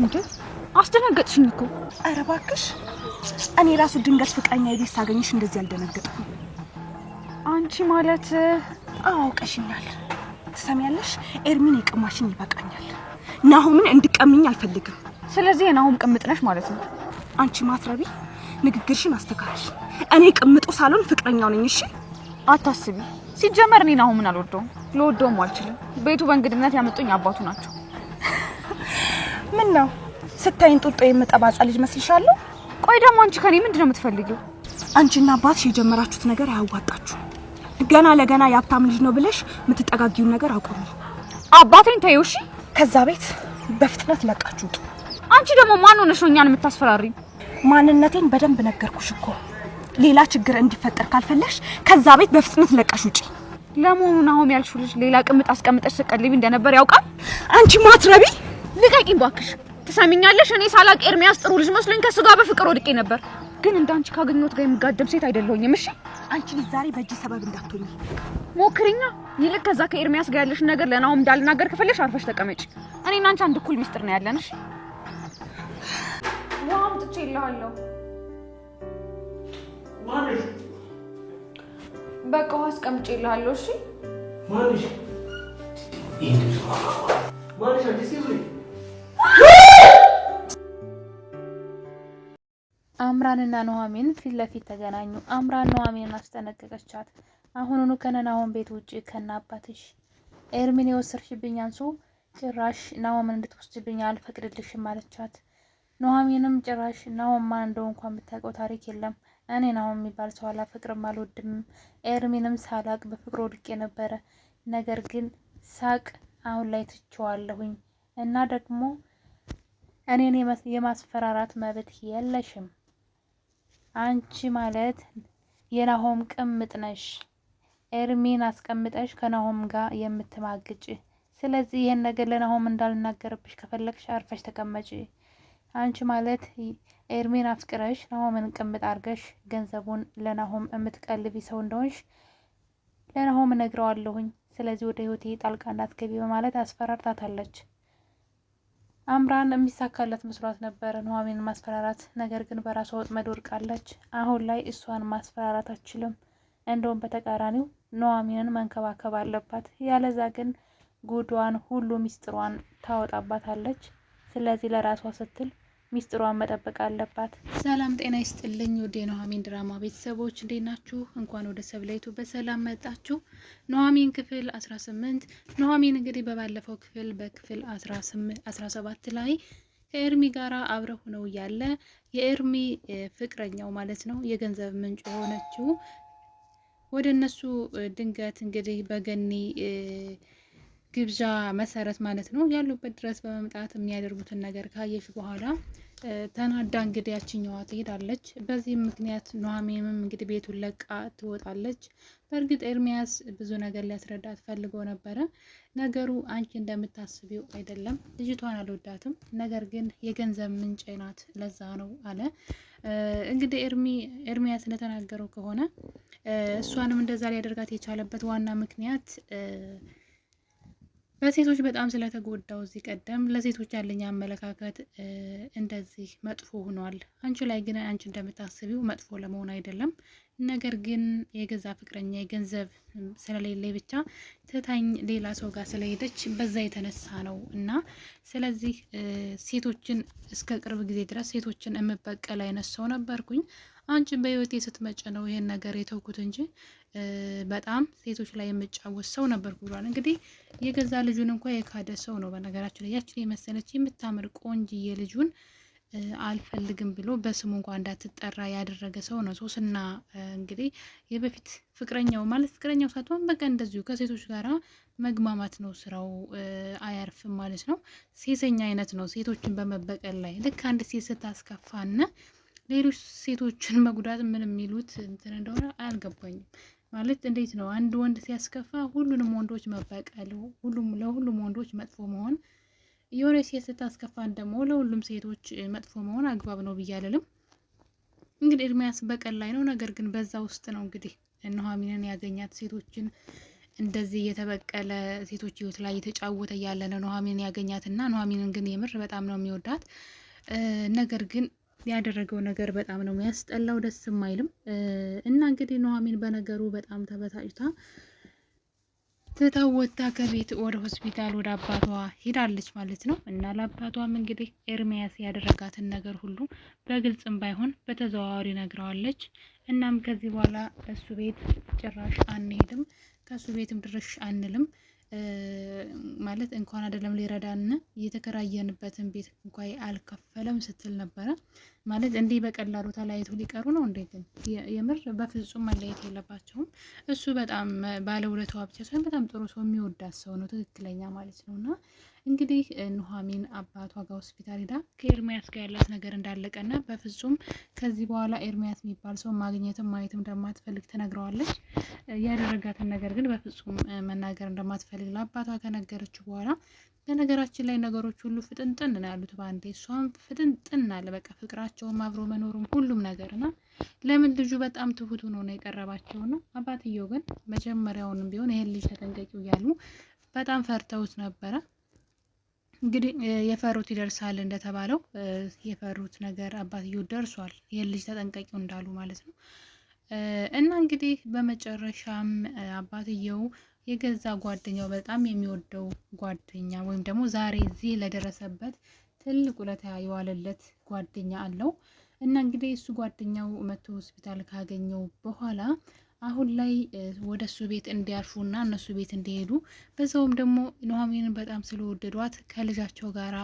እንዴ አስደነገጥሽኝ እኮ። ኧረ እባክሽ እኔ ራሱ ድንገት ፍቅረኛ የቤት ሳገኝሽ እንደዚህ አልደነገጥኩ። አንቺ ማለት አውቀሽኛል። ትሰሚያለሽ ኤርሚን የቅማሽን ይበቃኛል። ናሆምን እንድቀምኝ አልፈልግም። ስለዚህ የናሆም ቅምጥ ማለት ነው። አንቺ ማትረቢ ንግግርሽን አስተካክል። እኔ ቅምጡ ሳልሆን ፍቅረኛው ነኝ። እሺ አታስቢ። ሲጀመር እኔ ናሆምን አልወደውም፣ ልወደውም አልችልም። ቤቱ በእንግድነት ያመጡኝ አባቱ ናቸው። ምን ነው ስታይን ጡጦ የምጠባጻ ልጅ መስልሻለሁ? ቆይ ደግሞ አንቺ ከኔ ምንድን ነው የምትፈልጊው? አንቺና አባትሽ የጀመራችሁት ነገር አያዋጣችሁ። ገና ለገና የሀብታም ልጅ ነው ብለሽ የምትጠጋጊውን ነገር አቁሚ። አባቴን ተይው እሺ። ከዛ ቤት በፍጥነት ለቃችሁ ውጡ። አንቺ ደግሞ ማን ሆነሽ ነው እኛን የምታስፈራሪ? ማንነቴን በደንብ ነገርኩሽ እኮ። ሌላ ችግር እንዲፈጠር ካልፈለሽ ከዛ ቤት በፍጥነት ለቀሽ ውጪ። ለመሆኑ አሁን ያልሽው ልጅ ሌላ ቅምጥ አስቀምጠሽ ስቀልቢ እንደነበር ያውቃል። አንቺ ማትረቢ ልቀቂኝ ባክሽ። ትሰሚኛለሽ? እኔ ሳላቅ ኤርሚያስ ጥሩ ልጅ መስሎኝ ከሱ ጋር በፍቅር ወድቄ ነበር፣ ግን እንዳንቺ ካገኘሁት ጋር የምጋደም ሴት አይደለሁኝም። እሺ አንቺ ልጅ ዛሬ በእጅ ሰበብ እንዳትሆኝ ሞክርኛ። ይልቅ ከዛ ከኤርሚያስ ጋር ያለሽን ነገር ለናውም እንዳልናገር ከፈለሽ አርፈሽ ተቀመጪ። እኔና አንቺ አንድ እኩል ሚስጥር ነው ያለን። እሺ ዋም ጥቼ ይልሃለሁ። ማንሽ በቃ ውሃ አስቀምጬ ይልሃለሁ። እሺ ማንሽ ይሄን ማንሽ አዲስ ይዙኝ አምራንና ኑሐሚን ፊት ለፊት ተገናኙ። አምራን ኑሐሚንን አስጠነቀቀቻት። አሁኑኑ ከነናሆም ቤት ውጭ ከናባትሽ ኤርሚን የወሰድሽብኝ አንሶ ጭራሽ ናሆምን እንድትወስድብኝ አልፈቅድልሽም አለቻት። ኑሐሚንም ጭራሽ ናሆም ማን እንደው እንኳን ብታውቀው ታሪክ የለም እኔ ናሆም የሚባል ሰው አላፈቅርም አልወድም። ኤርሚንም ሳላቅ በፍቅር ወድቄ ነበረ። ነገር ግን ሳቅ አሁን ላይ ትቼዋለሁኝ። እና ደግሞ እኔን የማስፈራራት መብት የለሽም። አንቺ ማለት የናሆም ቅምጥ ነሽ። ኤርሚን አስቀምጠሽ ከናሆም ጋር የምትማግጭ ስለዚህ ይህን ነገር ለናሆም እንዳልናገርብሽ ከፈለግሽ አርፈሽ ተቀመጪ። አንቺ ማለት ኤርሚን አፍቅረሽ ናሆምን ቅምጥ አርገሽ ገንዘቡን ለናሆም የምትቀልቢ ሰው እንደሆንሽ ለናሆም እነግረዋለሁኝ። ስለዚህ ወደ ህይወቴ ጣልቃ እንዳትገቢ በማለት አስፈራርታታለች። አምራን የሚሳካለት መስሏት ነበር ኑሐሚንን ማስፈራራት። ነገር ግን በራሷ ወጥመድ ወድቃለች። አሁን ላይ እሷን ማስፈራራት አትችልም። እንደውም በተቃራኒው ኑሐሚንን መንከባከብ አለባት። ያለዛ ግን ጉዷን ሁሉ ሚስጥሯን ታወጣባታለች። ስለዚህ ለራሷ ስትል ሚስጥሯን መጠበቅ አለባት። ሰላም ጤና ይስጥልኝ ወደ የኑሐሚን ድራማ ቤተሰቦች እንዴት ናችሁ? እንኳን ወደ ሰብለይቱ በሰላም መጣችሁ። ኑሐሚን ክፍል 18 ኑሐሚን እንግዲህ በባለፈው ክፍል በክፍል 17 ላይ ከኤርሚ ጋራ አብረ ሆነው እያለ የኤርሚ ፍቅረኛው ማለት ነው የገንዘብ ምንጭ የሆነችው ወደ እነሱ ድንገት እንግዲህ በገኒ ግብዣ መሰረት ማለት ነው ያሉበት ድረስ በመምጣት የሚያደርጉትን ነገር ካየሽ በኋላ ተናዳ እንግዲህ ያችኛዋ ትሄዳለች። በዚህም ምክንያት ኑሐሚንም እንግዲህ ቤቱን ለቃ ትወጣለች። በእርግጥ ኤርሚያስ ብዙ ነገር ሊያስረዳት ፈልጎ ነበረ። ነገሩ አንቺ እንደምታስቢው አይደለም፣ ልጅቷን አልወዳትም፣ ነገር ግን የገንዘብ ምንጭ ናት፣ ለዛ ነው አለ። እንግዲህ ኤርሚያስ እንደተናገረው ከሆነ እሷንም እንደዛ ሊያደርጋት የቻለበት ዋና ምክንያት በሴቶች በጣም ስለተጎዳው እዚህ ቀደም ለሴቶች ያለኝ አመለካከት እንደዚህ መጥፎ ሆኗል። አንቺ ላይ ግን አንቺ እንደምታስቢው መጥፎ ለመሆን አይደለም። ነገር ግን የገዛ ፍቅረኛ የገንዘብ ስለሌለ ብቻ ትታኝ ሌላ ሰው ጋር ስለሄደች በዛ የተነሳ ነው እና ስለዚህ ሴቶችን እስከ ቅርብ ጊዜ ድረስ ሴቶችን የምበቀል አይነት ሰው ነበርኩኝ። አንቺን በህይወቴ ስትመጭ ነው ይሄን ነገር የተውኩት እንጂ በጣም ሴቶች ላይ የምጫወት ሰው ነበርኩ ብሏል። እንግዲህ የገዛ ልጁን እንኳ የካደ ሰው ነው። በነገራችን ላይ ያችን የመሰለች የምታምር ቆንጅዬ ልጁን አልፈልግም ብሎ በስሙ እንኳ እንዳትጠራ ያደረገ ሰው ነው። ሶስና እንግዲህ የበፊት ፍቅረኛው ማለት ፍቅረኛው ሳትሆን በቃ እንደዚሁ ከሴቶች ጋር መግማማት ነው ስራው፣ አያርፍም ማለት ነው። ሴሰኛ አይነት ነው፣ ሴቶችን በመበቀል ላይ ልክ አንድ ሴት ስታስከፋና ሌሎች ሴቶችን መጉዳት ምን የሚሉት እንትን እንደሆነ አልገባኝም። ማለት እንዴት ነው አንድ ወንድ ሲያስከፋ ሁሉንም ወንዶች መበቀል፣ ሁሉም ለሁሉም ወንዶች መጥፎ መሆን፣ የሆነ ሴት ስታስከፋን ደግሞ ለሁሉም ሴቶች መጥፎ መሆን አግባብ ነው ብዬ አልልም። እንግዲህ እድሜያስ በቀል ላይ ነው። ነገር ግን በዛ ውስጥ ነው እንግዲህ ኑሐሚንን ያገኛት ሴቶችን እንደዚህ እየተበቀለ ሴቶች ህይወት ላይ እየተጫወተ ያለ ነው ኑሐሚንን ያገኛት እና ኑሐሚንን ግን የምር በጣም ነው የሚወዳት ነገር ግን ያደረገው ነገር በጣም ነው የሚያስጠላው፣ ደስም አይልም። እና እንግዲህ ኑሐሚን በነገሩ በጣም ተበታጭታ ትታወታ ከቤት ወደ ሆስፒታል ወደ አባቷ ሄዳለች ማለት ነው። እና ለአባቷም እንግዲህ ኤርሚያስ ያደረጋትን ነገር ሁሉ በግልጽም ባይሆን በተዘዋዋሪ ነግረዋለች። እናም ከዚህ በኋላ እሱ ቤት ጭራሽ አንሄድም፣ ከእሱ ቤትም ድርሽ አንልም ማለት እንኳን አይደለም ሊረዳን የተከራየንበትን ቤት እንኳ አልከፈለም ስትል ነበረ። ማለት እንዲህ በቀላሉ ተለያይቶ ሊቀሩ ነው እንዴ? ግን የምር በፍጹም መለየት የለባቸውም። እሱ በጣም ባለውለታዋ ብቻ ሳይሆን በጣም ጥሩ ሰው የሚወዳት ሰው ነው፣ ትክክለኛ ማለት ነው እና እንግዲህ ኑሐሚን አባቷ ጋር ሆስፒታል ሄዳ ከኤርሚያስ ጋር ያላት ነገር እንዳለቀና በፍጹም ከዚህ በኋላ ኤርሚያስ የሚባል ሰው ማግኘትም ማየትም እንደማትፈልግ ትነግረዋለች። ያደረጋትን ነገር ግን በፍጹም መናገር እንደማትፈልግ ለአባቷ ከነገረችው በኋላ በነገራችን ላይ ነገሮች ሁሉ ፍጥንጥን ነው ያሉት በአንዴ። እሷም ፍጥንጥን አለ በቃ ፍቅራቸውም አብሮ መኖሩም ሁሉም ነገር ና ለምን ልጁ በጣም ትሁት ሆኖ ነው የቀረባቸው ነው። አባትየው ግን መጀመሪያውንም ቢሆን ይሄን ልጅ ተጠንቀቂው እያሉ በጣም ፈርተውት ነበረ። እንግዲህ የፈሩት ይደርሳል እንደተባለው የፈሩት ነገር አባትየው ደርሷል። የልጅ ተጠንቀቂው እንዳሉ ማለት ነው። እና እንግዲህ በመጨረሻም አባትየው የገዛ ጓደኛው በጣም የሚወደው ጓደኛ ወይም ደግሞ ዛሬ እዚህ ለደረሰበት ትልቅ ውለታ የዋለለት ጓደኛ አለው እና እንግዲህ እሱ ጓደኛው መቶ ሆስፒታል ካገኘው በኋላ አሁን ላይ ወደ እሱ ቤት እንዲያርፉና እነሱ ቤት እንዲሄዱ በዛውም ደግሞ ኑሐሚንን በጣም ስለወደዷት ከልጃቸው ጋራ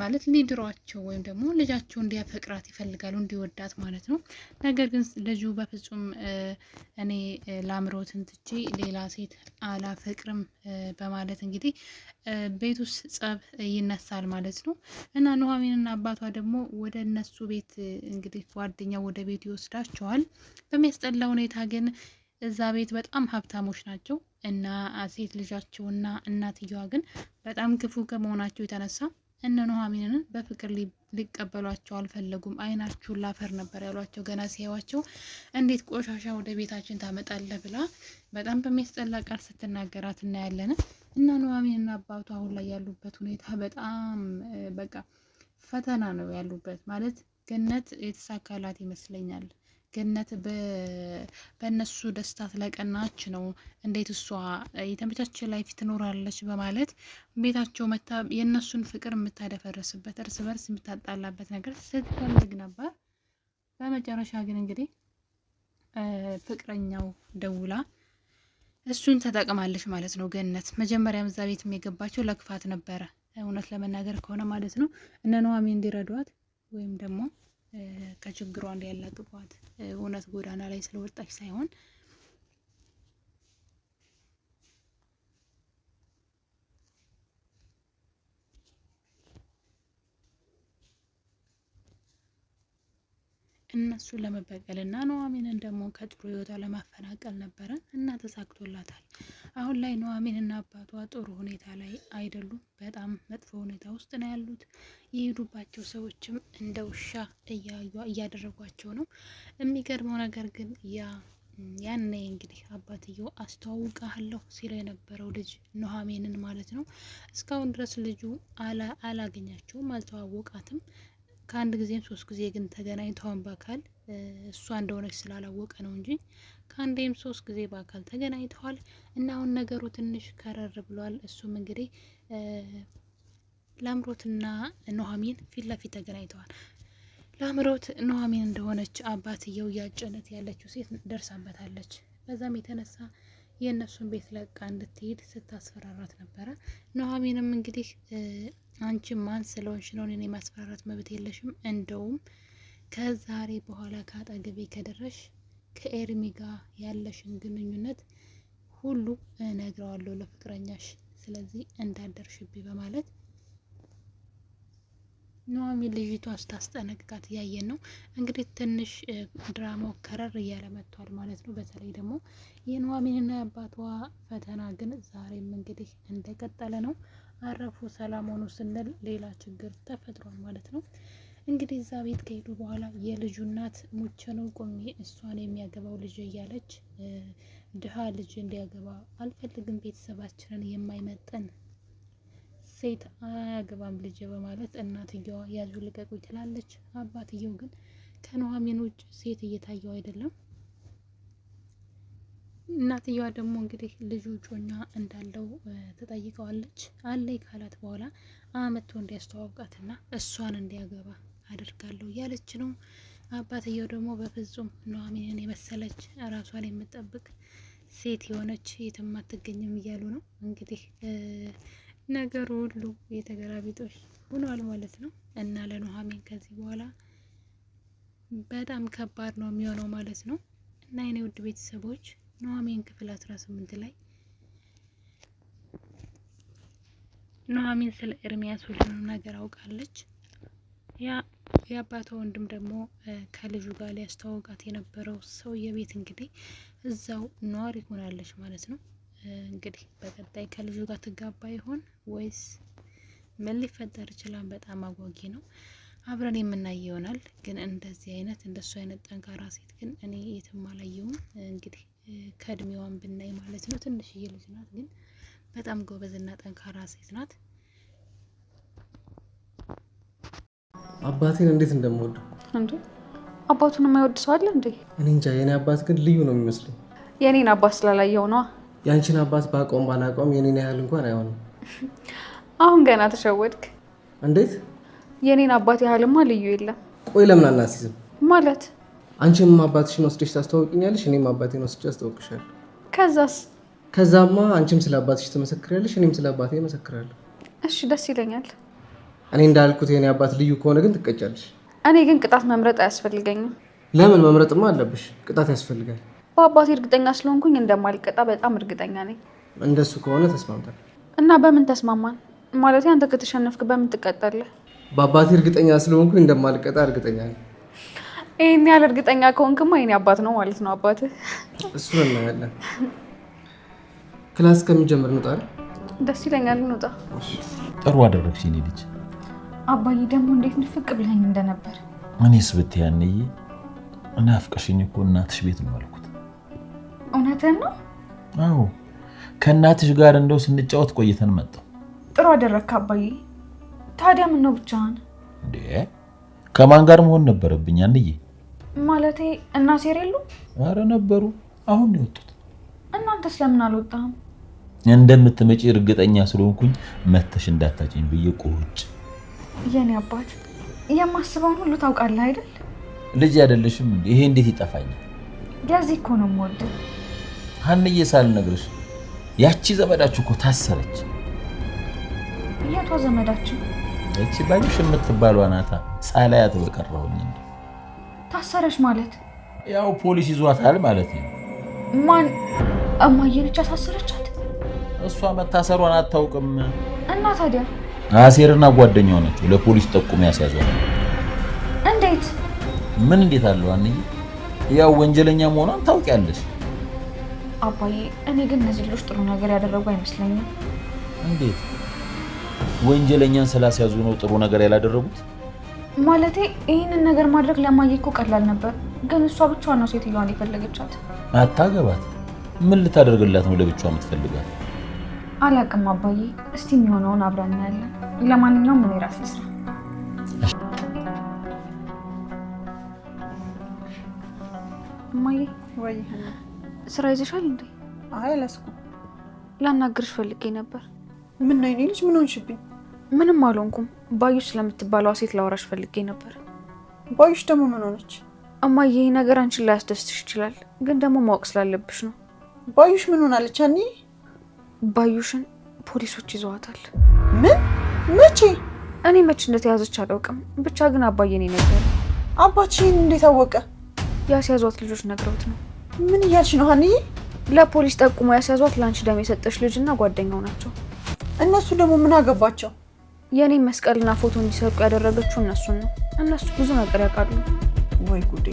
ማለት ሊድሯቸው ወይም ደግሞ ልጃቸው እንዲያፈቅራት ይፈልጋሉ እንዲወዳት ማለት ነው። ነገር ግን ልጁ በፍጹም እኔ ላምሮትን ትቼ ሌላ ሴት አላፈቅርም በማለት እንግዲህ ቤት ውስጥ ጸብ ይነሳል ማለት ነው እና ኑሐሚንና አባቷ ደግሞ ወደ እነሱ ቤት እንግዲህ ጓደኛ ወደ ቤት ይወስዳቸዋል። በሚያስጠላ ሁኔታ ግን እዛ ቤት በጣም ሀብታሞች ናቸው እና ሴት ልጃቸውና እናትየዋ ግን በጣም ክፉ ከመሆናቸው የተነሳ እነ ኑሐሚንን በፍቅር ሊቀበሏቸው አልፈለጉም። አይናችሁን ላፈር ነበር ያሏቸው። ገና ሲያዋቸው እንዴት ቆሻሻ ወደ ቤታችን ታመጣለህ ብላ በጣም በሚያስጠላ ቃል ስትናገራት እናያለን። እና ኑሐሚንና አባቱ አሁን ላይ ያሉበት ሁኔታ በጣም በቃ ፈተና ነው ያሉበት ማለት ገነት የተሳካላት ይመስለኛል። ገነት በእነሱ ደስታ ስለቀናች ነው እንዴት እሷ የተመቻቸ ላይፍ ትኖራለች በማለት ቤታቸው መታ የእነሱን ፍቅር የምታደፈረስበት እርስ በርስ የምታጣላበት ነገር ስትፈልግ ነበር። በመጨረሻ ግን እንግዲህ ፍቅረኛው ደውላ እሱን ተጠቅማለች ማለት ነው። ገነት መጀመሪያም እዛ ቤት የገባቸው ለክፋት ነበረ፣ እውነት ለመናገር ከሆነ ማለት ነው እነ ኑሐሚን እንዲረዷት ወይም ደግሞ ከችግሯ እንዲያላቅቋት እውነት ጎዳና ላይ ስለወጣች ሳይሆን እነሱን ለመበቀል እና ኑሐሚንን ደግሞ ከጥሩ ህይወቷ ለማፈናቀል ነበረ እና ተሳክቶላታል። አሁን ላይ እና አባቷ ጥሩ ሁኔታ ላይ አይደሉም። በጣም መጥፎ ሁኔታ ውስጥ ነው ያሉት። የሄዱባቸው ሰዎችም እንደ ውሻ እያደረጓቸው ነው። የሚገርመው ነገር ግን ያ ያኔ እንግዲህ አባትየው አስተዋውቃለሁ ሲለው የነበረው ልጅ ኑሐሚንን ማለት ነው። እስካሁን ድረስ ልጁ አላገኛቸውም፣ አልተዋወቃትም። ከአንድ ጊዜም ሶስት ጊዜ ግን ተገናኝተውን በአካል እሷ እንደሆነች ስላላወቀ ነው እንጂ ከአንዴም ሶስት ጊዜ በአካል ተገናኝተዋል። እና አሁን ነገሩ ትንሽ ከረር ብሏል። እሱም እንግዲህ ላምሮትና ኑሐሚን ፊት ለፊት ተገናኝተዋል። ላምሮት ኑሐሚን እንደሆነች አባትየው እያጨነት ያለችው ሴት ደርሳበታለች። በዛም የተነሳ የእነሱን ቤት ለቃ እንድትሄድ ስታስፈራራት ነበረ። ኑሐሚንም እንግዲህ አንቺ ማን ስለሆንሽ ነው እኔን የማስፈራራት መብት የለሽም፣ እንደውም ከዛሬ በኋላ ከአጠገቤ ከደረሽ ከኤርሚ ጋር ያለሽን ግንኙነት ሁሉ እነግረዋለሁ ለፍቅረኛሽ፣ ስለዚህ እንዳደርሽብኝ በማለት ኑሐሚን ልጅቷ ስታስጠነቅቃት እያየን ነው። እንግዲህ ትንሽ ድራማው ከረር እያለ መጥቷል ማለት ነው። በተለይ ደግሞ የኑሐሚንና የአባቷ ፈተና ግን ዛሬም እንግዲህ እንደቀጠለ ነው። አረፉ ሰላም ሆኑ ስንል ሌላ ችግር ተፈጥሯል ማለት ነው። እንግዲህ እዛ ቤት ከሄዱ በኋላ የልጁ እናት ሙቸ ነው እሷን የሚያገባው ልጅ እያለች ድሃ ልጅ እንዲያገባ አልፈልግም ቤተሰባችንን የማይመጠን ሴት አያገባም ልጄ በማለት እናትየዋ ያዙ ልቀቁ ትላለች። አባትየው ግን ከኑሐሚን ውጭ ሴት እየታየው አይደለም። እናትየዋ ደግሞ እንግዲህ ልጁ ውጮኛ እንዳለው ትጠይቀዋለች። አለይ ካላት በኋላ አመቶ እንዲያስተዋውቃትና እሷን እንዲያገባ አድርጋለሁ እያለች ነው። አባትየው ደግሞ በፍጹም ኑሐሚንን የመሰለች ራሷን የምጠብቅ ሴት የሆነች የትም አትገኝም እያሉ ነው እንግዲህ ነገሩ ሁሉ የተገላቢጦሽ ሆኗል ማለት ነው እና ለኑሐሚን ከዚህ በኋላ በጣም ከባድ ነው የሚሆነው ማለት ነው እና የኔ ውድ ቤተሰቦች ኑሐሚን ክፍል አስራ ስምንት ላይ ኑሐሚን ስለ ኤርሚያስ ሁሉንም ነገር አውቃለች። ያ የአባቷ ወንድም ደግሞ ከልጁ ጋር ሊያስተዋውቃት የነበረው ሰውዬ ቤት እንግዲህ እዛው ነዋሪ ሆናለች ማለት ነው። እንግዲህ በቀጣይ ከልጁ ጋር ትጋባ ይሆን ወይስ ምን ሊፈጠር ይችላል? በጣም አጓጊ ነው። አብረን የምናይ ይሆናል። ግን እንደዚህ አይነት እንደሱ አይነት ጠንካራ ሴት ግን እኔ የትም እንግዲህ ከእድሜዋን ብናይ ማለት ነው ትንሽዬ ልጅ ናት፣ ግን በጣም ጎበዝና ጠንካራ ሴት ናት። አባቴን እንዴት እንደምወደው እንዴ! አባቱን የማይወድ ሰው አለ እንዴ? እኔ እንጃ። የኔ አባት ግን ልዩ ነው የሚመስለኝ። የኔን አባት ስላላየው ነዋ ያንቺን አባት ባቆም ባላቆም የኔን ያህል እንኳን አይሆንም። አሁን ገና ተሸወድክ። እንዴት የኔን አባት ያህልማ ልዩ የለም። ቆይ ለምን አናስይዝም? ማለት አንቺም አባትሽን ወስደሽ ታስተዋውቅኛለሽ፣ እኔም አባቴን ወስጄ አስተዋውቅሻለሁ። ከዛስ? ከዛማ አንቺም ስለ አባትሽ ትመሰክሪያለሽ፣ እኔም ስለ አባቴ እመሰክራለሁ። እሺ ደስ ይለኛል። እኔ እንዳልኩት የኔ አባት ልዩ ከሆነ ግን ትቀጫለሽ። እኔ ግን ቅጣት መምረጥ አያስፈልገኝም። ለምን? መምረጥማ አለብሽ። ቅጣት ያስፈልጋል። በአባቴ እርግጠኛ ስለሆንኩኝ እንደማልቀጣ በጣም እርግጠኛ ነኝ። እንደሱ ከሆነ ተስማምተን እና በምን ተስማማን? ማለት አንተ ከተሸነፍክ በምን ትቀጣለህ? በአባቴ እርግጠኛ ስለሆንኩኝ እንደማልቀጣ እርግጠኛ ነኝ። ይህን ያህል እርግጠኛ ከሆንክማ የእኔ አባት ነው ማለት ነው። አባትህ እሱ እናያለን። ክላስ ከሚጀምር እንውጣ። ደስ ይለኛል፣ እንውጣ። ጥሩ አደረግሽ የእኔ ልጅ። አባዬ ደግሞ እንዴት ንፍቅ ብለኝ እንደነበር እኔስ ብትይ እናፍቀሽኝ እኮ እናትሽ ቤት ነው አልኩት። እውነትን ነው? አዎ ከእናትሽ ጋር እንደው ስንጫወት ቆይተን መጣሁ። ጥሩ አደረግክ አባዬ። ታዲያ ምን ነው ብቻህን? እንዴ ከማን ጋር መሆን ነበረብኝ? አንዬ ማለቴ እና ሴር የሉ? አረ ነበሩ፣ አሁን ነው የወጡት። እናንተ ስለምን አልወጣም? እንደምትመጪ እርግጠኛ ስለሆንኩኝ መተሽ እንዳታጭኝ ብዬ ቁጭ። የኔ አባት የማስበውን ሁሉ ታውቃለህ አይደል? ልጅ አይደለሽም? ይሄ እንዴት ይጠፋኛል? እንደዚህ እኮ ነው የምወደው። ሀንዬ ሳልነግርሽ ያቺ ዘመዳችሁ እኮ ታሰረች። የቷ ዘመዳችሁ? እቺ ባዩሽ የምትባሏ ናታ። ሳላያት በቀረሁኝ ታሰረች ማለት ያው ፖሊስ ይዟታል ማለት ነው። ማን? እማዬ አሳሰረቻት? እሷ መታሰሯን አታውቅም። እና ታዲያ አሴርና ጓደኛው ናቸው ለፖሊስ ጠቁሞ ያስያዟል። እንዴት? ምን እንዴት አለው አንዬ ያው ወንጀለኛ መሆኗን ታውቂያለሽ። አባዬ እኔ ግን እነዚህ ልጆች ጥሩ ነገር ያደረጉ አይመስለኝም። እንዴት? ወንጀለኛን ስላስያዙ ነው ጥሩ ነገር ያላደረጉት? ማለቴ ይህንን ነገር ማድረግ ለማየ እኮ ቀላል ነበር፣ ግን እሷ ብቻዋን ነው ሴትዮዋን የፈለገቻት። አታገባት። ምን ልታደርግላት ነው ለብቻ የምትፈልጋት? አላቅም አባዬ። እስቲ የሚሆነውን አብረን እናያለን። ለማንኛውም እኔ ራሴ ልስራ። እማዬ ወይ ስራ ይዘሻል እንዴ? አይ አላስኩም። ላናግርሽ ፈልጌ ነበር። ምን ነው ልጅ ምን ሆንሽብኝ? ምንም አልሆንኩም። ባዩሽ ስለምትባለዋ ሴት ላወራሽ ፈልጌ ነበር። ባዩሽ ደግሞ ምን ሆነች? እማዬ ይሄ ነገር አንቺን ላያስደስትሽ ይችላል፣ ግን ደግሞ ማወቅ ስላለብሽ ነው። ባዩሽ ምን ሆናለች? እኔ ባዩሽን ፖሊሶች ይዘዋታል። ምን? መቼ? እኔ መቼ እንደተያዘች አላውቅም። ብቻ ግን አባዬ ነው የነገረኝ። አባትሽን እንዴት አወቀ? ያስያዟት ልጆች ነግረውት ነው። ምን እያልሽ ነው ሀኒ? ለፖሊስ ጠቁሞ ያስያዟት ለአንቺ ደም የሰጠች ልጅ ና ጓደኛው ናቸው። እነሱ ደግሞ ምን አገባቸው? የእኔ መስቀልና ፎቶ እንዲሰርቁ ያደረገችው እነሱን ነው። እነሱ ብዙ ነገር ያውቃሉ። ወይ ጉዴ!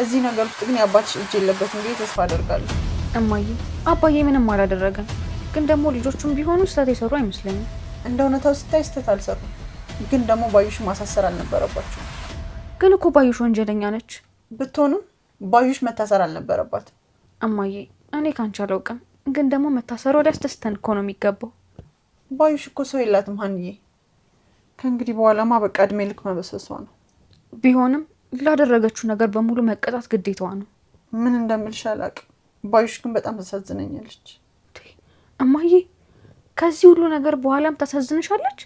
እዚህ ነገር ውስጥ ግን የአባትሽ እጅ የለበትም ብዬ ተስፋ አደርጋለሁ። እማዬ፣ አባዬ ምንም አላደረገም። ግን ደግሞ ልጆቹም ቢሆኑ ስህተት የሰሩ አይመስለኝም። እንደ እውነታው ስታይ ስህተት አልሰሩም። ግን ደግሞ ባዩሽ ማሳሰር አልነበረባቸው። ግን እኮ ባዩሽ ወንጀለኛ ነች። ብትሆንም ባዩሽ መታሰር አልነበረባት። እማዬ እኔ ካንቺ አላውቅም፣ ግን ደግሞ መታሰሯ ሊያስደስተን እኮ ነው የሚገባው። ባዩሽ እኮ ሰው የላትም ሀንዬ። ከእንግዲህ በኋላማ በቃ እድሜ ልክ መበሰሷ ነው። ቢሆንም ላደረገችው ነገር በሙሉ መቀጣት ግዴታዋ ነው። ምን እንደምልሽ አላውቅም። ባዩሽ ግን በጣም ተሳዝነኛለች እማዬ። ከዚህ ሁሉ ነገር በኋላም ታሳዝንሻለች?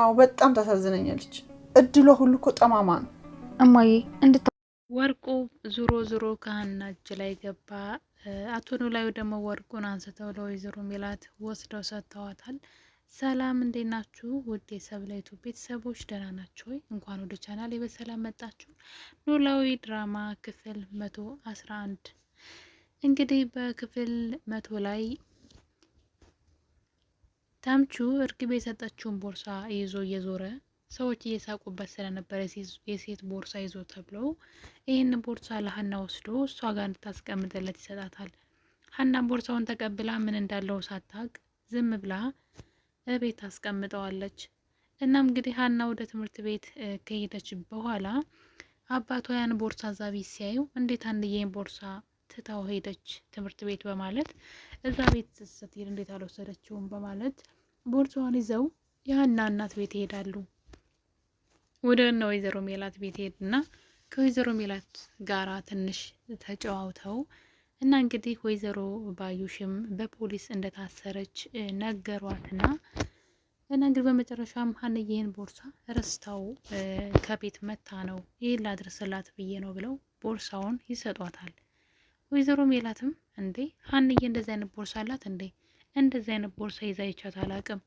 አዎ በጣም ታሳዝነኛለች። እድሏ ሁሉ እኮ ጠማማ ነው እማዬ እንድታ ወርቁ ዙሮ ዙሮ ከሀና እጅ ላይ ገባ። አቶ ኖላዊ ደግሞ ወርቁን አንስተው ለወይዘሮ ሜላት ወስደው ሰጥተዋታል። ሰላም እንዴት ናችሁ? ውድ የሰብለይቱ ቤተሰቦች ደህና ናችሁ ወይ? እንኳን ወደ ቻናል በሰላም መጣችሁ። ኖላዊ ድራማ ክፍል መቶ አስራ አንድ እንግዲህ በክፍል መቶ ላይ ታምቹ እርግብ የሰጠችውን ቦርሳ ይዞ እየዞረ ሰዎች እየሳቁበት ስለነበረ የሴት ቦርሳ ይዞ ተብሎ ይህን ቦርሳ ለሀና ወስዶ እሷ ጋር እንድታስቀምጥለት ይሰጣታል። ሀና ቦርሳውን ተቀብላ ምን እንዳለው ሳታቅ ዝም ብላ እቤት ታስቀምጠዋለች። እናም እንግዲህ ሀና ወደ ትምህርት ቤት ከሄደች በኋላ አባቷ ያን ቦርሳ ዛቢ ሲያዩ እንዴት አንድዬን ቦርሳ ትታው ሄደች ትምህርት ቤት በማለት እዛ ቤት ስትሄድ እንዴት አልወሰደችውም በማለት ቦርሳዋን ይዘው የሀና እናት ቤት ይሄዳሉ። ወደ እነ ወይዘሮ ሜላት ቤት ሄድና ከወይዘሮ ሜላት ጋር ትንሽ ተጨዋውተው እና እንግዲህ ወይዘሮ ባዩሽም በፖሊስ እንደታሰረች ነገሯትና እና እንግዲህ በመጨረሻም ሀንዬን ቦርሳ ረስታው ከቤት መታ ነው ይህን ላድርስላት ብዬ ነው ብለው ቦርሳውን ይሰጧታል። ወይዘሮ ሜላትም እንዴ ሀንዬ እንደዚህ አይነት ቦርሳ አላት እንዴ? እንደዚህ አይነት ቦርሳ ይዛ ይቻት አላቅም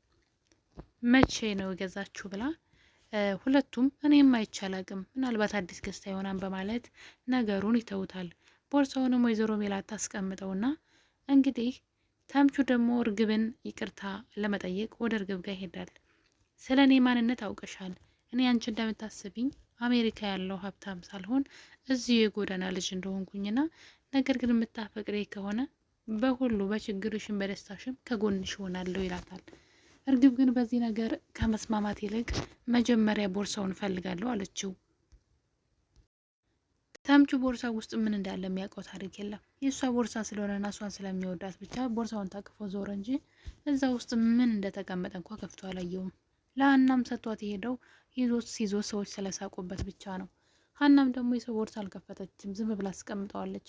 መቼ ነው የገዛችሁ ብላ ሁለቱም እኔም አይቻላግም ምናልባት አዲስ ገዝታ ይሆናን በማለት ነገሩን ይተውታል። ቦርሳውንም ወይዘሮ ሜላት ታስቀምጠውና እንግዲህ ተምቹ ደግሞ እርግብን ይቅርታ ለመጠየቅ ወደ እርግብ ጋር ይሄዳል። ስለ እኔ ማንነት አውቀሻል። እኔ አንቺ እንደምታስብኝ አሜሪካ ያለው ሀብታም ሳልሆን እዚሁ የጎዳና ልጅ እንደሆንኩኝና ነገር ግን የምታፈቅሬ ከሆነ በሁሉ በችግርሽም በደስታሽም ከጎንሽ እሆናለሁ ይላታል። እርግብ ግን በዚህ ነገር ከመስማማት ይልቅ መጀመሪያ ቦርሳውን እፈልጋለሁ አለችው። ተምቹ ቦርሳ ውስጥ ምን እንዳለ የሚያውቀው ታሪክ የለም። የእሷ ቦርሳ ስለሆነና እሷን ስለሚወዳት ብቻ ቦርሳውን ታቅፎ ዞረ እንጂ እዛ ውስጥ ምን እንደተቀመጠ እንኳ ከፍቶ አላየውም። ለሀናም ሰጥቷት የሄደው ይዞ ሲዞ ሰዎች ስለሳቁበት ብቻ ነው። ሀናም ደግሞ የሰው ቦርሳ አልከፈተችም፣ ዝም ብላ አስቀምጠዋለች።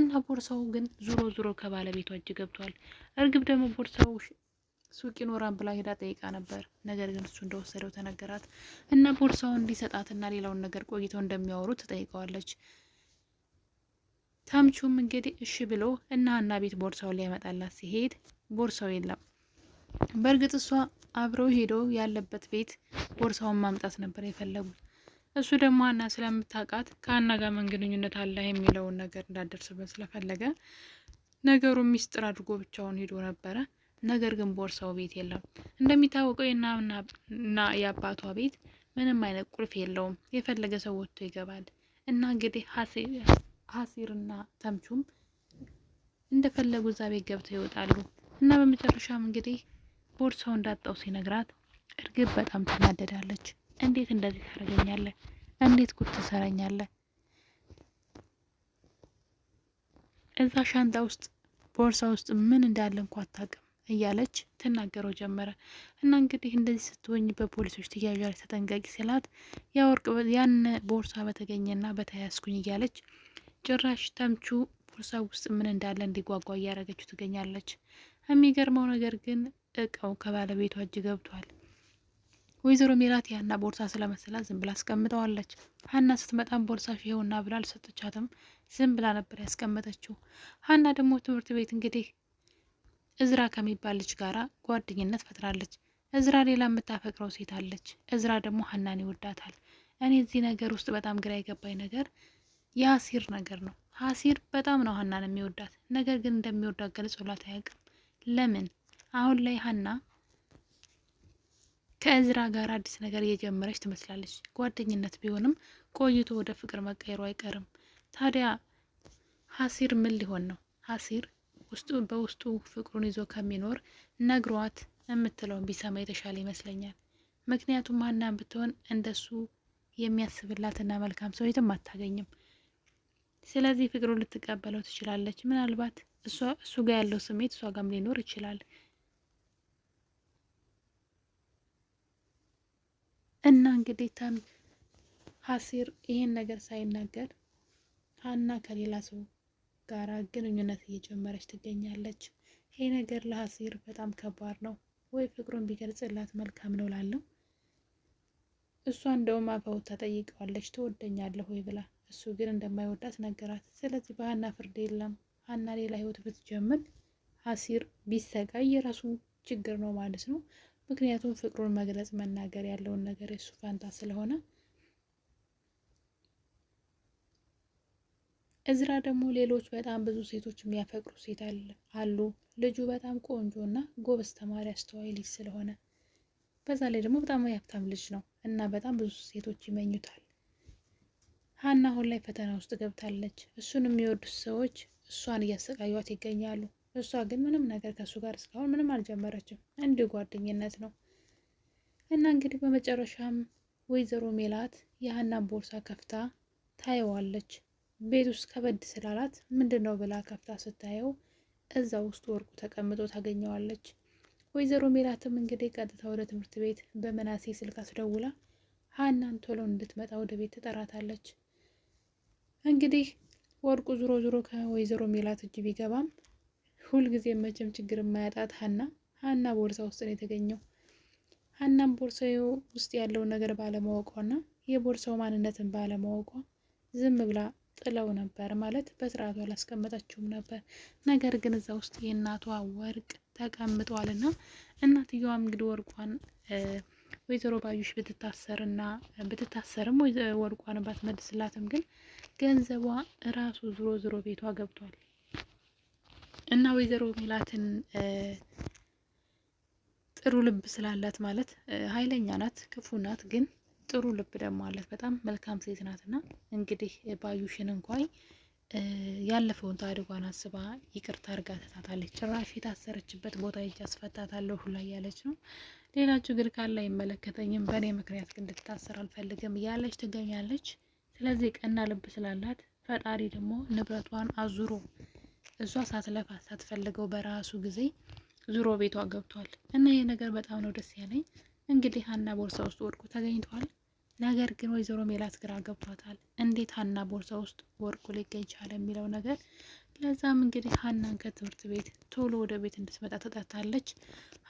እና ቦርሳው ግን ዙሮ ዙሮ ከባለቤቷ እጅ ገብቷል። እርግብ ደግሞ ቦርሳው ሱቅ ይኖራን ብላ ሄዳ ጠይቃ ነበር። ነገር ግን እሱ እንደወሰደው ተነገራት እና ቦርሳውን እንዲሰጣትና ሌላውን ነገር ቆይተው እንደሚያወሩ ትጠይቀዋለች። ታምቹም እንግዲህ እሺ ብሎ እና ሀና ቤት ቦርሳውን ሊያመጣላት ሲሄድ ቦርሳው የለም። በእርግጥ እሷ አብረው ሄዶ ያለበት ቤት ቦርሳውን ማምጣት ነበር የፈለጉት። እሱ ደግሞ ሀና ስለምታውቃት ከሀና ጋር ምን ግንኙነት አለ የሚለውን ነገር እንዳደርስበት ስለፈለገ ነገሩ ሚስጥር አድርጎ ብቻውን ሄዶ ነበረ። ነገር ግን ቦርሳው ቤት የለም። እንደሚታወቀው የናና የአባቷ ቤት ምንም አይነት ቁልፍ የለውም። የፈለገ ሰው ወጥቶ ይገባል እና እንግዲህ ሀሲርና ተምቹም እንደፈለጉ እዛ ቤት ገብተው ይወጣሉ እና በመጨረሻም እንግዲህ ቦርሳው እንዳጣው ሲነግራት እርግብ በጣም ትናደዳለች። እንዴት እንደዚህ ታደርገኛለህ? እንዴት ጉድ ትሰራኛለህ? እዛ ሻንጣ ውስጥ ቦርሳ ውስጥ ምን እንዳለ እንኳ አታውቅም። እያለች ትናገረው ጀመረ። እና እንግዲህ እንደዚህ ስትሆኝ በፖሊሶች ትያዣለች ተጠንቀቂ ስላት ያወርቅ ያን ቦርሳ በተገኘና በተያያዝኩኝ እያለች ጭራሽ ተምቹ ቦርሳ ውስጥ ምን እንዳለ እንዲጓጓ እያደረገችው ትገኛለች። የሚገርመው ነገር ግን እቃው ከባለቤቷ እጅ ገብቷል። ወይዘሮ ሜላት ያና ቦርሳ ስለመሰላት ዝም ብላ አስቀምጠዋለች። ሀና ስትመጣም ቦርሳ ሽሄውና ብላ አልሰጠቻትም። ዝም ብላ ነበር ያስቀመጠችው። ሀና ደግሞ ትምህርት ቤት እንግዲህ እዝራ ከሚባል ልጅ ጋር ጓደኝነት ፈጥራለች። እዝራ ሌላ የምታፈቅረው ሴት አለች። እዝራ ደግሞ ሀናን ይወዳታል። እኔ እዚህ ነገር ውስጥ በጣም ግራ የገባኝ ነገር የሀሲር ነገር ነው። ሀሲር በጣም ነው ሀናን የሚወዳት፣ ነገር ግን እንደሚወዳት ገልጾላት አያውቅም። ለምን አሁን ላይ ሀና ከእዝራ ጋር አዲስ ነገር እየጀመረች ትመስላለች። ጓደኝነት ቢሆንም ቆይቶ ወደ ፍቅር መቀየሩ አይቀርም። ታዲያ ሀሲር ምን ሊሆን ነው? ሀሲር ውስጡ በውስጡ ፍቅሩን ይዞ ከሚኖር ነግሯት የምትለውን ቢሰማ የተሻለ ይመስለኛል። ምክንያቱም ማናም ብትሆን እንደሱ የሚያስብላትና መልካም ሰው የትም አታገኝም። ስለዚህ ፍቅሩን ልትቀበለው ትችላለች። ምናልባት እሱ ጋር ያለው ስሜት እሷ ጋም ሊኖር ይችላል። እና እንግዲህ ታም ሀሲር ይሄን ነገር ሳይናገር ሀና ከሌላ ሰው ጋራ ግንኙነት እየጀመረች ትገኛለች። ይሄ ነገር ለአሲር በጣም ከባድ ነው። ወይ ፍቅሩን ቢገልጽላት መልካም ነው ላለው እሷ እንደውም አፈውታ ጠይቀዋለች፣ ትወደኛለህ ወይ ብላ እሱ ግን እንደማይወዳት ነገራት። ስለዚህ በሀና ፍርድ የለም። ሀና ሌላ ህይወት ብትጀምር ሀሲር ቢሰቃይ የራሱ ችግር ነው ማለት ነው። ምክንያቱም ፍቅሩን መግለጽ መናገር ያለውን ነገር የእሱ ፋንታ ስለሆነ እዝራ ደግሞ ሌሎች በጣም ብዙ ሴቶች የሚያፈቅሩ ሴት አሉ። ልጁ በጣም ቆንጆ እና ጎበዝ ተማሪ አስተዋይ ልጅ ስለሆነ በዛ ላይ ደግሞ በጣም ያፍታም ልጅ ነው እና በጣም ብዙ ሴቶች ይመኙታል። ሀና አሁን ላይ ፈተና ውስጥ ገብታለች። እሱን የሚወዱት ሰዎች እሷን እያሰቃዩት ይገኛሉ። እሷ ግን ምንም ነገር ከእሱ ጋር እስካሁን ምንም አልጀመረችም። እንዲሁ ጓደኝነት ነው እና እንግዲህ በመጨረሻም ወይዘሮ ሜላት የሀናን ቦርሳ ከፍታ ታየዋለች። ቤት ውስጥ ከበድ ስላላት ምንድን ነው ብላ ከፍታ ስታየው እዛ ውስጥ ወርቁ ተቀምጦ ታገኘዋለች። ወይዘሮ ሜላትም እንግዲህ ቀጥታ ወደ ትምህርት ቤት በመናሴ ስልክ አስደውላ ሀናን ቶሎ እንድትመጣ ወደ ቤት ትጠራታለች። እንግዲህ ወርቁ ዞሮ ዞሮ ከወይዘሮ ሜላት እጅ ቢገባም ሁልጊዜ መቼም ችግር የማያጣት ሀና ሀና ቦርሳ ውስጥ ነው የተገኘው። ሀናም ቦርሳ ውስጥ ያለው ነገር ባለማወቋና የቦርሳው ማንነትን ባለማወቋ ዝም ብላ ጥለው ነበር ማለት በስርዓቱ አላስቀመጠችውም ነበር። ነገር ግን እዛ ውስጥ የእናቷ ወርቅ ተቀምጧልና እናትየዋ እንግዲህ ወርቋን ወይዘሮ ባዩሽ ብትታሰርና ብትታሰርም ወርቋን ባትመልስላትም ግን ገንዘቧ ራሱ ዝሮ ዝሮ ቤቷ ገብቷል እና ወይዘሮ ሜላትን ጥሩ ልብ ስላላት ማለት ኃይለኛ ናት፣ ክፉ ናት ግን ጥሩ ልብ ደግሞ አላት። በጣም መልካም ሴት ናት። እንግዲህ ባዩሽን እንኳን ያለፈውን ታሪኳን አስባ ይቅርታ አድርጋ ትታታለች። ጭራሽ የታሰረችበት ቦታ ሂጅ አስፈታታለሁ ሁላ እያለች ነው። ሌላችሁ ግን ካለ አይመለከተኝም፣ በእኔ ምክንያት ግን ልትታሰር አልፈልግም እያለች ትገኛለች። ስለዚህ ቀና ልብ ስላላት ፈጣሪ ደግሞ ንብረቷን አዙሮ እሷ ሳትለፋ ሳትፈልገው በራሱ ጊዜ ዙሮ ቤቷ ገብቷል እና ይህ ነገር በጣም ነው ደስ ያለኝ። እንግዲህ ሀና ቦርሳ ውስጥ ወርቁ ተገኝቷል። ነገር ግን ወይዘሮ ሜላት ግራ ገብቷታል። እንዴት ሀና ቦርሳ ውስጥ ወርቁ ሊገኝ ቻለ የሚለው ነገር። ለዛም እንግዲህ ሀናን ከትምህርት ቤት ቶሎ ወደ ቤት እንድትመጣ ተጠርታለች።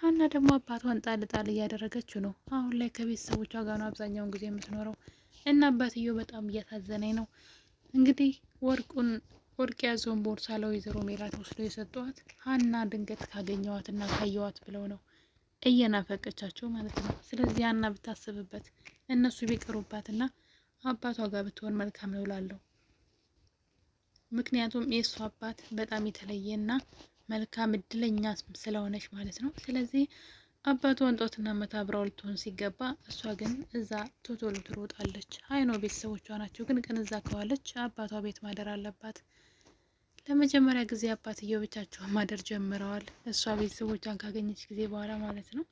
ሀና ደግሞ አባቷን ጣል ጣል እያደረገችው ነው። አሁን ላይ ከቤተሰቦቿ ጋር ነው አብዛኛውን ጊዜ የምትኖረው እና አባትዮ በጣም እያሳዘነኝ ነው። እንግዲህ ወርቁን ወርቅ የያዘውን ቦርሳ ለወይዘሮ ሜላት ወስዶ የሰጧት ሀና ድንገት ካገኘዋት እና ካየዋት ብለው ነው እየናፈቀቻቸው ማለት ነው። ስለዚህ ያና ብታስብበት እነሱ ቢቀሩባትና አባቷ ጋር ብትሆን መልካም ነው እላለሁ። ምክንያቱም የእሱ አባት በጣም የተለየና መልካም እድለኛ ስለሆነች ማለት ነው። ስለዚህ አባቷ ወንጦትና መታብራው ልትሆን ሲገባ እሷ ግን እዛ ቶቶሎ ትሮጣለች። ሀይ ቤተሰቦቿ ናቸው፣ ግን ቀን እዛ ከዋለች አባቷ ቤት ማደር አለባት። ለመጀመሪያ ጊዜ አባትየው ብቻቸውን ማደር ጀምረዋል። እሷ ቤተሰቦቿን ካገኘች ጊዜ በኋላ ማለት ነው።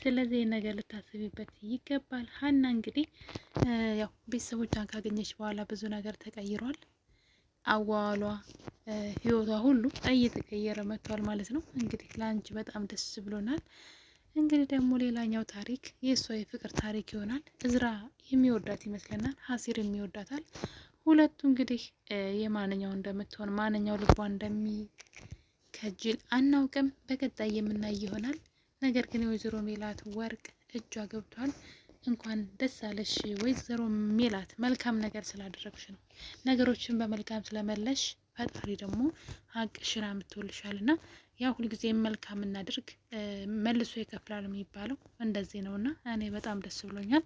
ስለዚህ ነገር ልታስቢበት ይገባል። ሀና እንግዲህ ያው ቤተሰቦቿን ካገኘች በኋላ ብዙ ነገር ተቀይሯል። አዋዋሏ፣ ህይወቷ ሁሉ እየተቀየረ መጥቷል ማለት ነው። እንግዲህ ለአንቺ በጣም ደስ ብሎናል። እንግዲህ ደግሞ ሌላኛው ታሪክ የእሷ የፍቅር ታሪክ ይሆናል። እዝራ የሚወዳት ይመስለናል። ሀሲር የሚወዳታል። ሁለቱ እንግዲህ የማንኛው እንደምትሆን ማንኛው ልቧ እንደሚከጅል አናውቅም። በቀጣይ የምናይ ይሆናል። ነገር ግን የወይዘሮ ሜላት ወርቅ እጇ ገብቷል። እንኳን ደስ አለሽ ወይዘሮ ሜላት፣ መልካም ነገር ስላደረግሽ ነው። ነገሮችን በመልካም ስለመለሽ ፈጣሪ ደግሞ ምትወልሻል አምጥቶልሻልና ያ ሁልጊዜም መልካም እናድርግ መልሶ ይከፍላል የሚባለው እንደዚህ ነው እና እኔ በጣም ደስ ብሎኛል።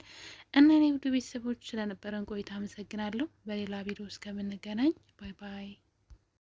እና እኔ ውድ ቤተሰቦች ስለነበረን ቆይታ አመሰግናለሁ። በሌላ ቪዲዮ እስከምንገናኝ ባይ ባይ።